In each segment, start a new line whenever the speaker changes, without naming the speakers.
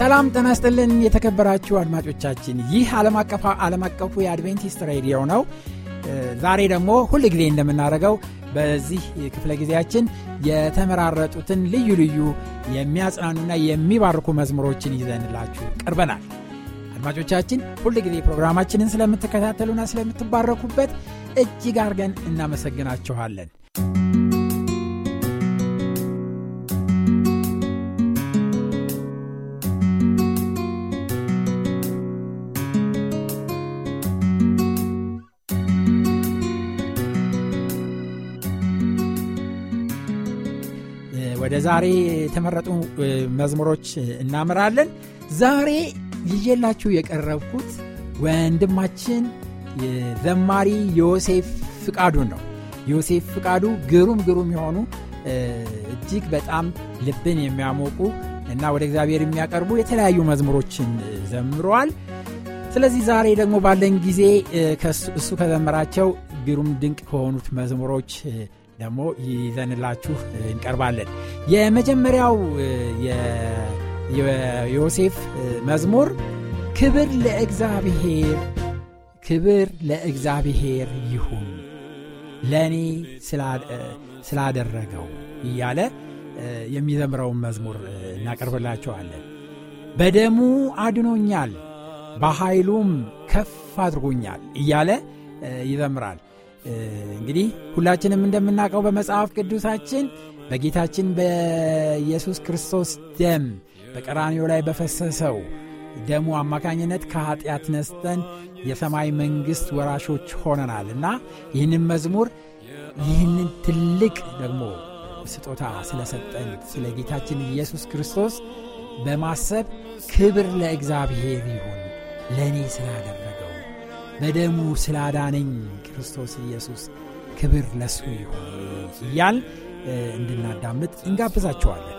ሰላም ጤና የተከበራችሁ አድማጮቻችን፣ ይህ ዓለም አቀፉ የአድቬንቲስት ሬዲዮ ነው። ዛሬ ደግሞ ሁል ጊዜ እንደምናደርገው በዚህ ክፍለ ጊዜያችን የተመራረጡትን ልዩ ልዩ የሚያጽናኑና የሚባርኩ መዝሙሮችን ይዘንላችሁ ቀርበናል። አድማጮቻችን ሁል ጊዜ ፕሮግራማችንን ስለምትከታተሉና ስለምትባረኩበት እጅግ አድርገን እናመሰግናችኋለን። ወደ ዛሬ የተመረጡ መዝሙሮች እናምራለን። ዛሬ ይዤላችሁ የቀረብኩት ወንድማችን ዘማሪ ዮሴፍ ፍቃዱን ነው። ዮሴፍ ፍቃዱ ግሩም ግሩም የሆኑ እጅግ በጣም ልብን የሚያሞቁ እና ወደ እግዚአብሔር የሚያቀርቡ የተለያዩ መዝሙሮችን ዘምረዋል። ስለዚህ ዛሬ ደግሞ ባለን ጊዜ እሱ ከዘመራቸው ግሩም ድንቅ ከሆኑት መዝሙሮች ደግሞ ይዘንላችሁ እንቀርባለን። የመጀመሪያው የዮሴፍ መዝሙር ክብር ለእግዚአብሔር ክብር ለእግዚአብሔር ይሁን ለእኔ ስላደረገው እያለ የሚዘምረውን መዝሙር እናቀርብላቸዋለን። በደሙ አድኖኛል፣ በኃይሉም ከፍ አድርጎኛል እያለ ይዘምራል። እንግዲህ ሁላችንም እንደምናውቀው በመጽሐፍ ቅዱሳችን በጌታችን በኢየሱስ ክርስቶስ ደም በቀራኒው ላይ በፈሰሰው ደሙ አማካኝነት ከኀጢአት ነስተን የሰማይ መንግሥት ወራሾች ሆነናል እና ይህንን መዝሙር ይህንን ትልቅ ደግሞ ስጦታ ስለሰጠን ስለ ጌታችን ኢየሱስ ክርስቶስ በማሰብ ክብር ለእግዚአብሔር ይሁን ለእኔ ስላደረገው በደሙ ስላዳነኝ ክርስቶስ ኢየሱስ ክብር ለሱ ይሁን እያል እንድናዳምጥ እንጋብዛቸዋለን።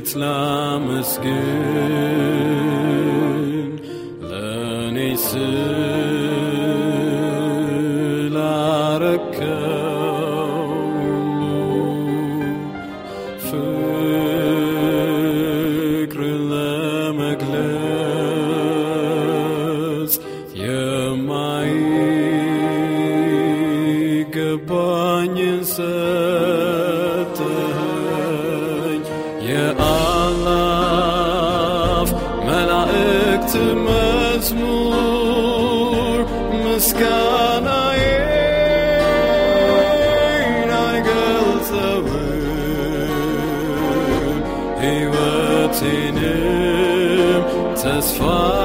It's Islam is good. satisfied.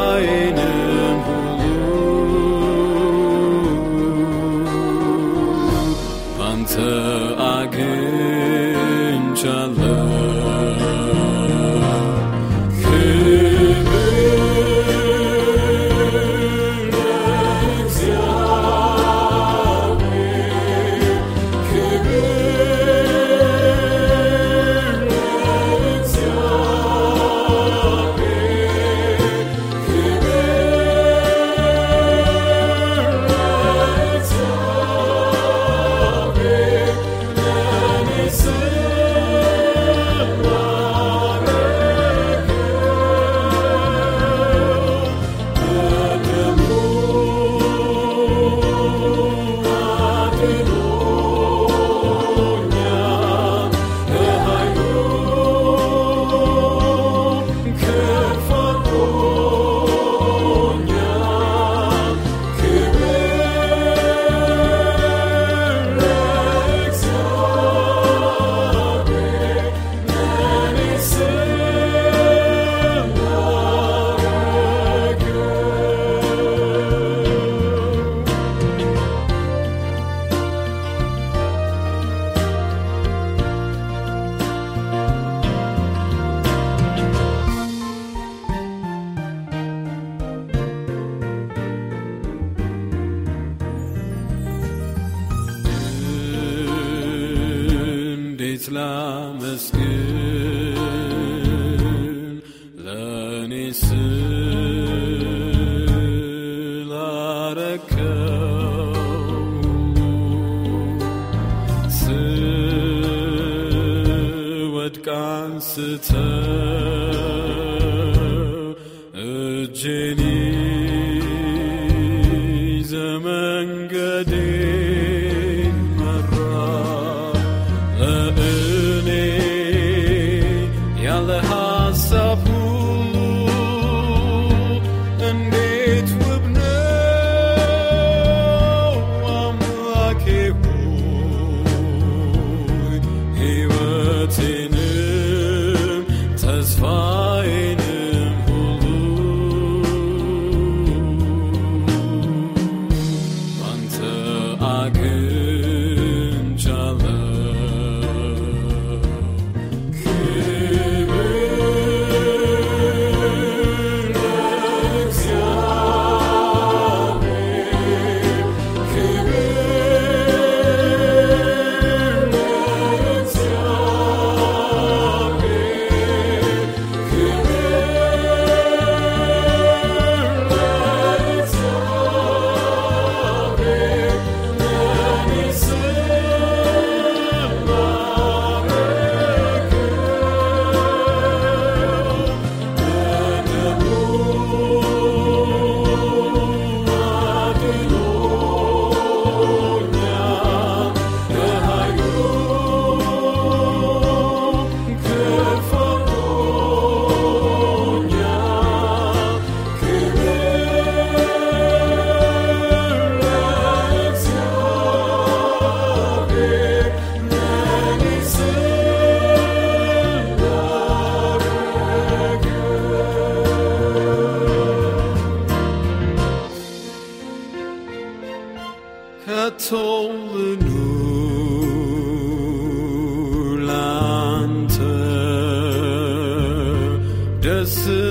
思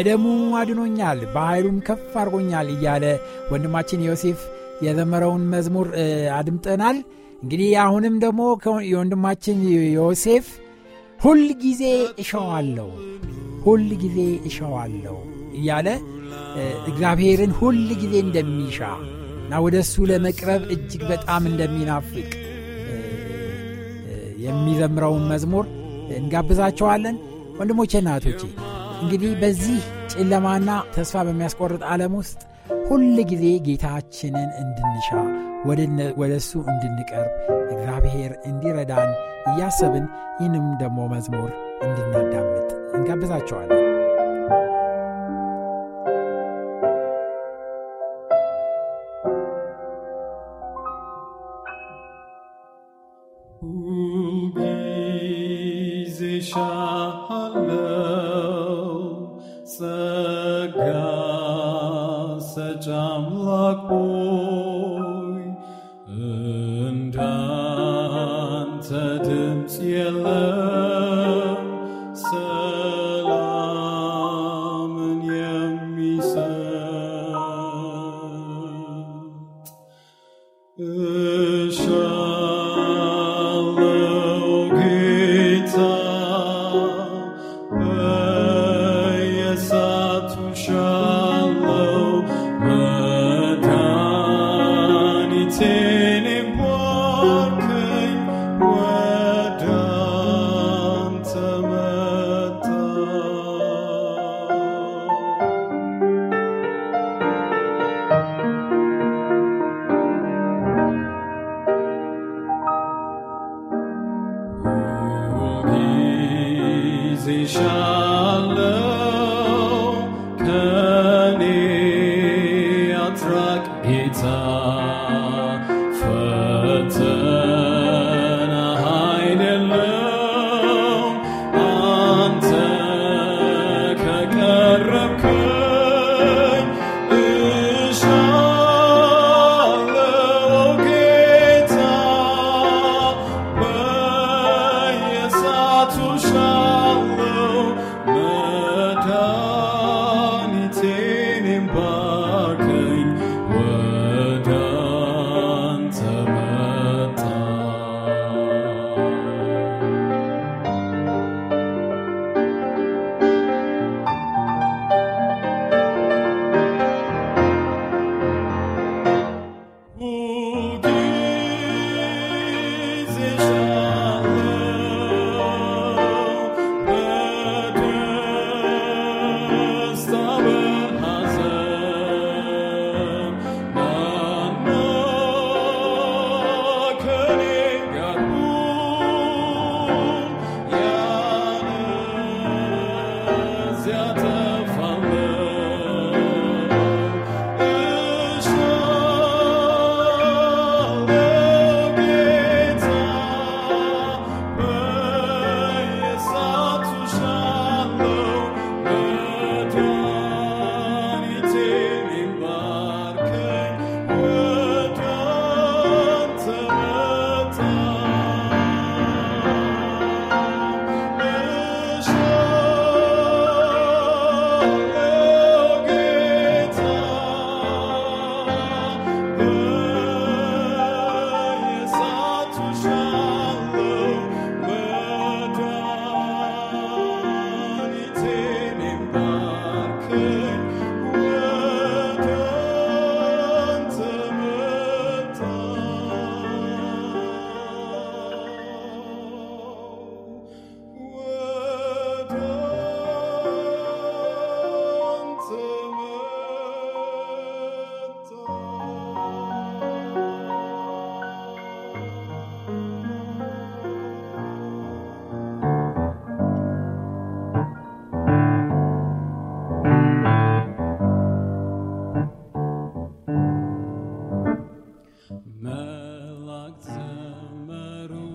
በደሙ አድኖኛል፣ በኃይሉም ከፍ አድርጎኛል እያለ ወንድማችን ዮሴፍ የዘመረውን መዝሙር አድምጠናል። እንግዲህ አሁንም ደግሞ የወንድማችን ዮሴፍ ሁል ጊዜ እሸዋለሁ፣ ሁል ጊዜ እሸዋለሁ እያለ እግዚአብሔርን ሁል ጊዜ እንደሚሻ እና ወደ እሱ ለመቅረብ እጅግ በጣም እንደሚናፍቅ የሚዘምረውን መዝሙር እንጋብዛቸዋለን። ወንድሞቼና እህቶቼ እንግዲህ በዚህ ጨለማና ተስፋ በሚያስቆርጥ ዓለም ውስጥ ሁል ጊዜ ጌታችንን እንድንሻ ወደ እሱ እንድንቀርብ እግዚአብሔር እንዲረዳን እያሰብን ይህንም ደግሞ መዝሙር እንድናዳምጥ እንጋብዛቸዋለን።
Shalom. shall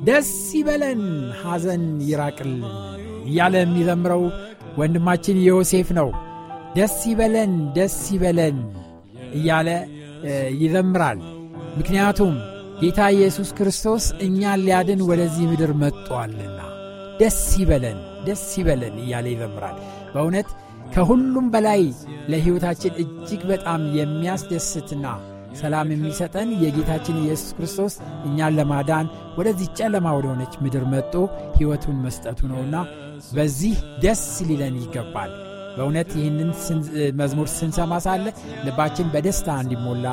ደስ ይበለን ሐዘን ይራቅልን እያለ የሚዘምረው ወንድማችን ዮሴፍ ነው። ደስ ይበለን ደስ ይበለን እያለ ይዘምራል። ምክንያቱም ጌታ ኢየሱስ ክርስቶስ እኛን ሊያድን ወደዚህ ምድር መጥቷልና ደስ ይበለን ደስ ይበለን እያለ ይዘምራል። በእውነት ከሁሉም በላይ ለሕይወታችን እጅግ በጣም የሚያስደስትና ሰላም የሚሰጠን የጌታችን ኢየሱስ ክርስቶስ እኛን ለማዳን ወደዚህ ጨለማ ወደሆነች ምድር መጦ ሕይወቱን መስጠቱ ነውና በዚህ ደስ ሊለን ይገባል። በእውነት ይህንን መዝሙር ስንሰማ ሳለ ልባችን በደስታ እንዲሞላ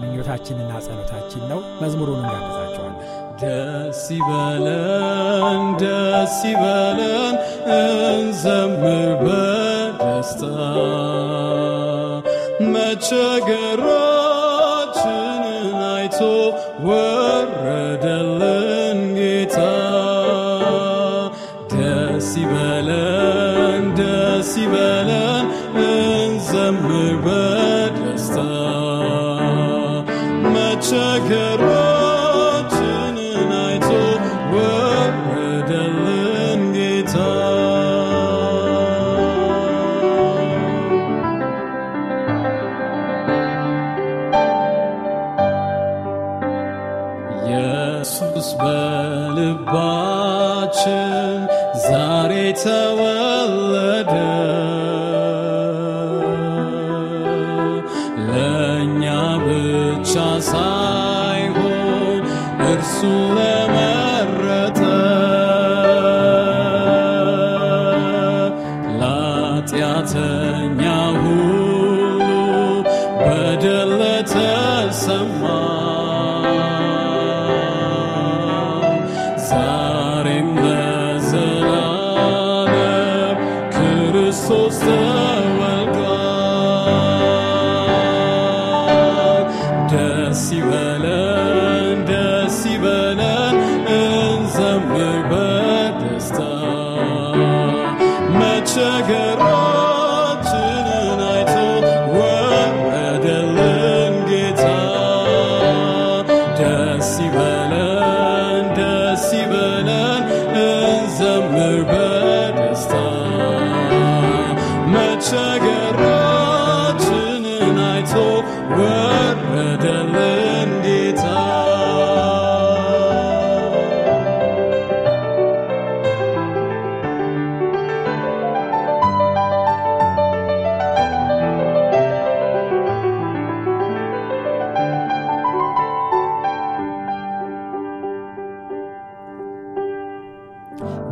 ምኞታችንና ጸሎታችን ነው። መዝሙሩን እንዳመዛቸዋል ደስ ይበለን፣
ደስ ይበለን፣ እንዘምር በደስታ መቸገራ so word a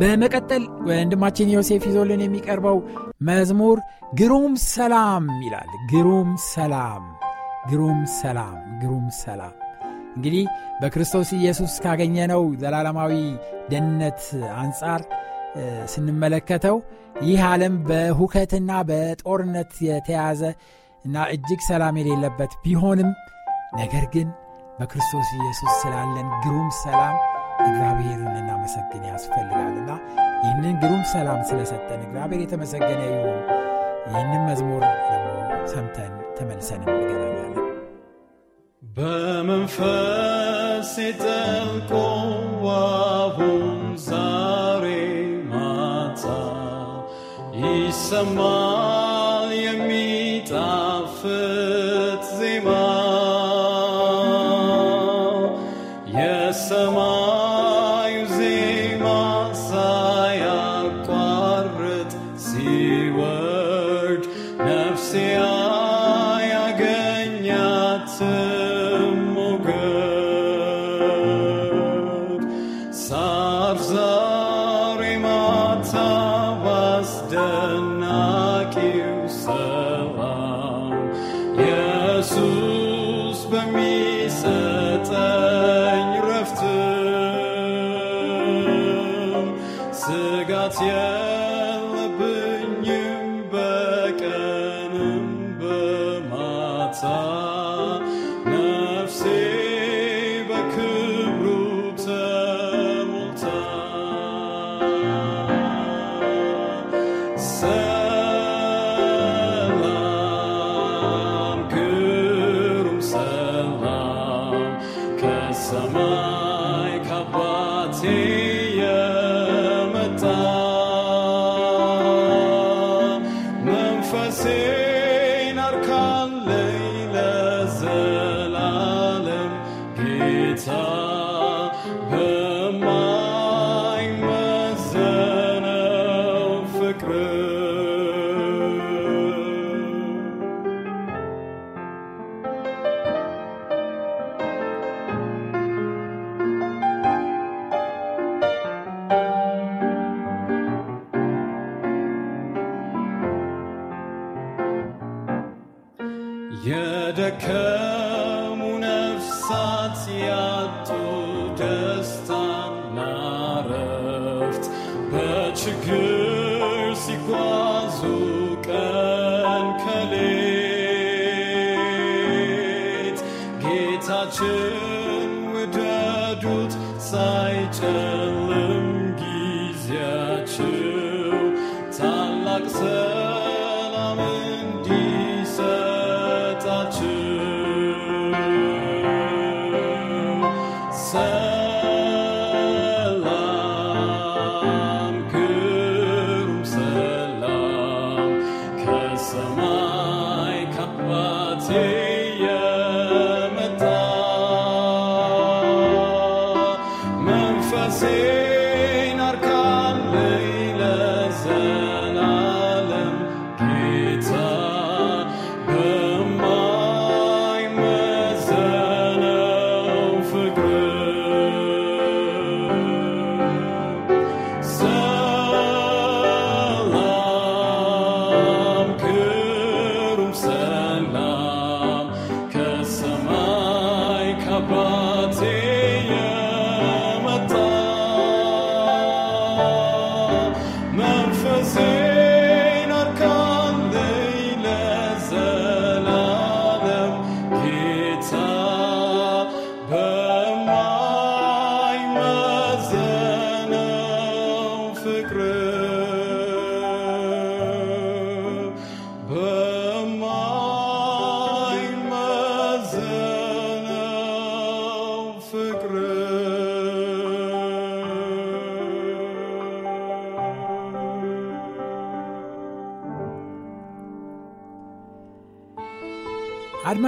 በመቀጠል ወንድማችን ዮሴፍ ይዞልን የሚቀርበው መዝሙር ግሩም ሰላም ይላል። ግሩም ሰላም፣ ግሩም ሰላም፣ ግሩም ሰላም እንግዲህ በክርስቶስ ኢየሱስ ካገኘነው ዘላለማዊ ደህንነት አንጻር ስንመለከተው ይህ ዓለም በሁከትና በጦርነት የተያዘ እና እጅግ ሰላም የሌለበት ቢሆንም ነገር ግን በክርስቶስ ኢየሱስ ስላለን ግሩም ሰላም እግዚአብሔርን እናመሰግን ያስፈልጋልና ይህንን ግሩም ሰላም ስለሰጠን እግዚአብሔር የተመሰገነ ይሁን። ይህንን መዝሙር ሰምተን ተመልሰን እንገናኛለን።
በመንፈስ የጠልቆ አሁን ዛሬ ማታ ይሰማ የሚጣፍ Grazie.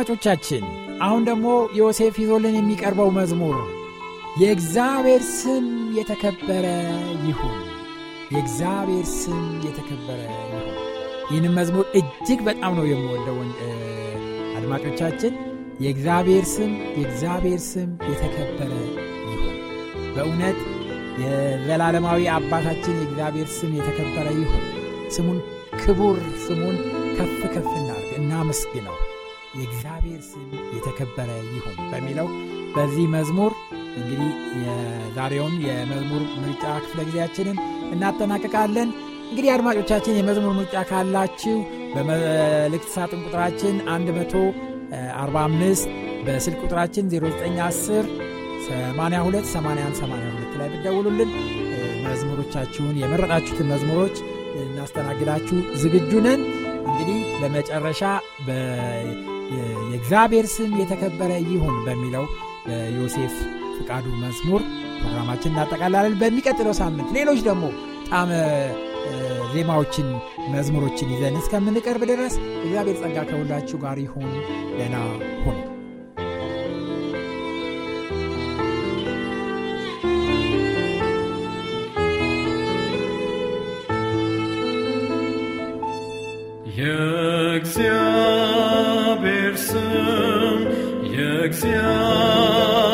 አድማጮቻችን አሁን ደግሞ ዮሴፍ ይዞልን የሚቀርበው መዝሙር የእግዚአብሔር ስም የተከበረ ይሁን የእግዚአብሔር ስም የተከበረ ይሁን ይህንም መዝሙር እጅግ በጣም ነው የምወደውን አድማጮቻችን የእግዚአብሔር ስም የእግዚአብሔር ስም የተከበረ ይሁን በእውነት የዘላለማዊ አባታችን የእግዚአብሔር ስም የተከበረ ይሁን ስሙን ክቡር ስሙን ከፍ ከፍ እናርግ እናመስግነው የእግዚአብሔር ስም የተከበረ ይሁን በሚለው በዚህ መዝሙር እንግዲህ የዛሬውን የመዝሙር ምርጫ ክፍለ ጊዜያችንን እናጠናቀቃለን። እንግዲህ አድማጮቻችን የመዝሙር ምርጫ ካላችሁ በመልእክት ሳጥን ቁጥራችን 145 በስልክ ቁጥራችን 0910 82 81 82 ላይ ብደውሉልን መዝሙሮቻችሁን የመረጣችሁትን መዝሙሮች እናስተናግዳችሁ ዝግጁ ነን። እንግዲህ ለመጨረሻ የእግዚአብሔር ስም የተከበረ ይሁን በሚለው ዮሴፍ ፍቃዱ መዝሙር ፕሮግራማችን እናጠቃላለን። በሚቀጥለው ሳምንት ሌሎች ደግሞ ጣም ዜማዎችን፣ መዝሙሮችን ይዘን እስከምንቀርብ ድረስ እግዚአብሔር ጸጋ ከሁላችሁ ጋር ይሁን። ደህና ሁኑ።
Yeah, sercem, jak zjadł.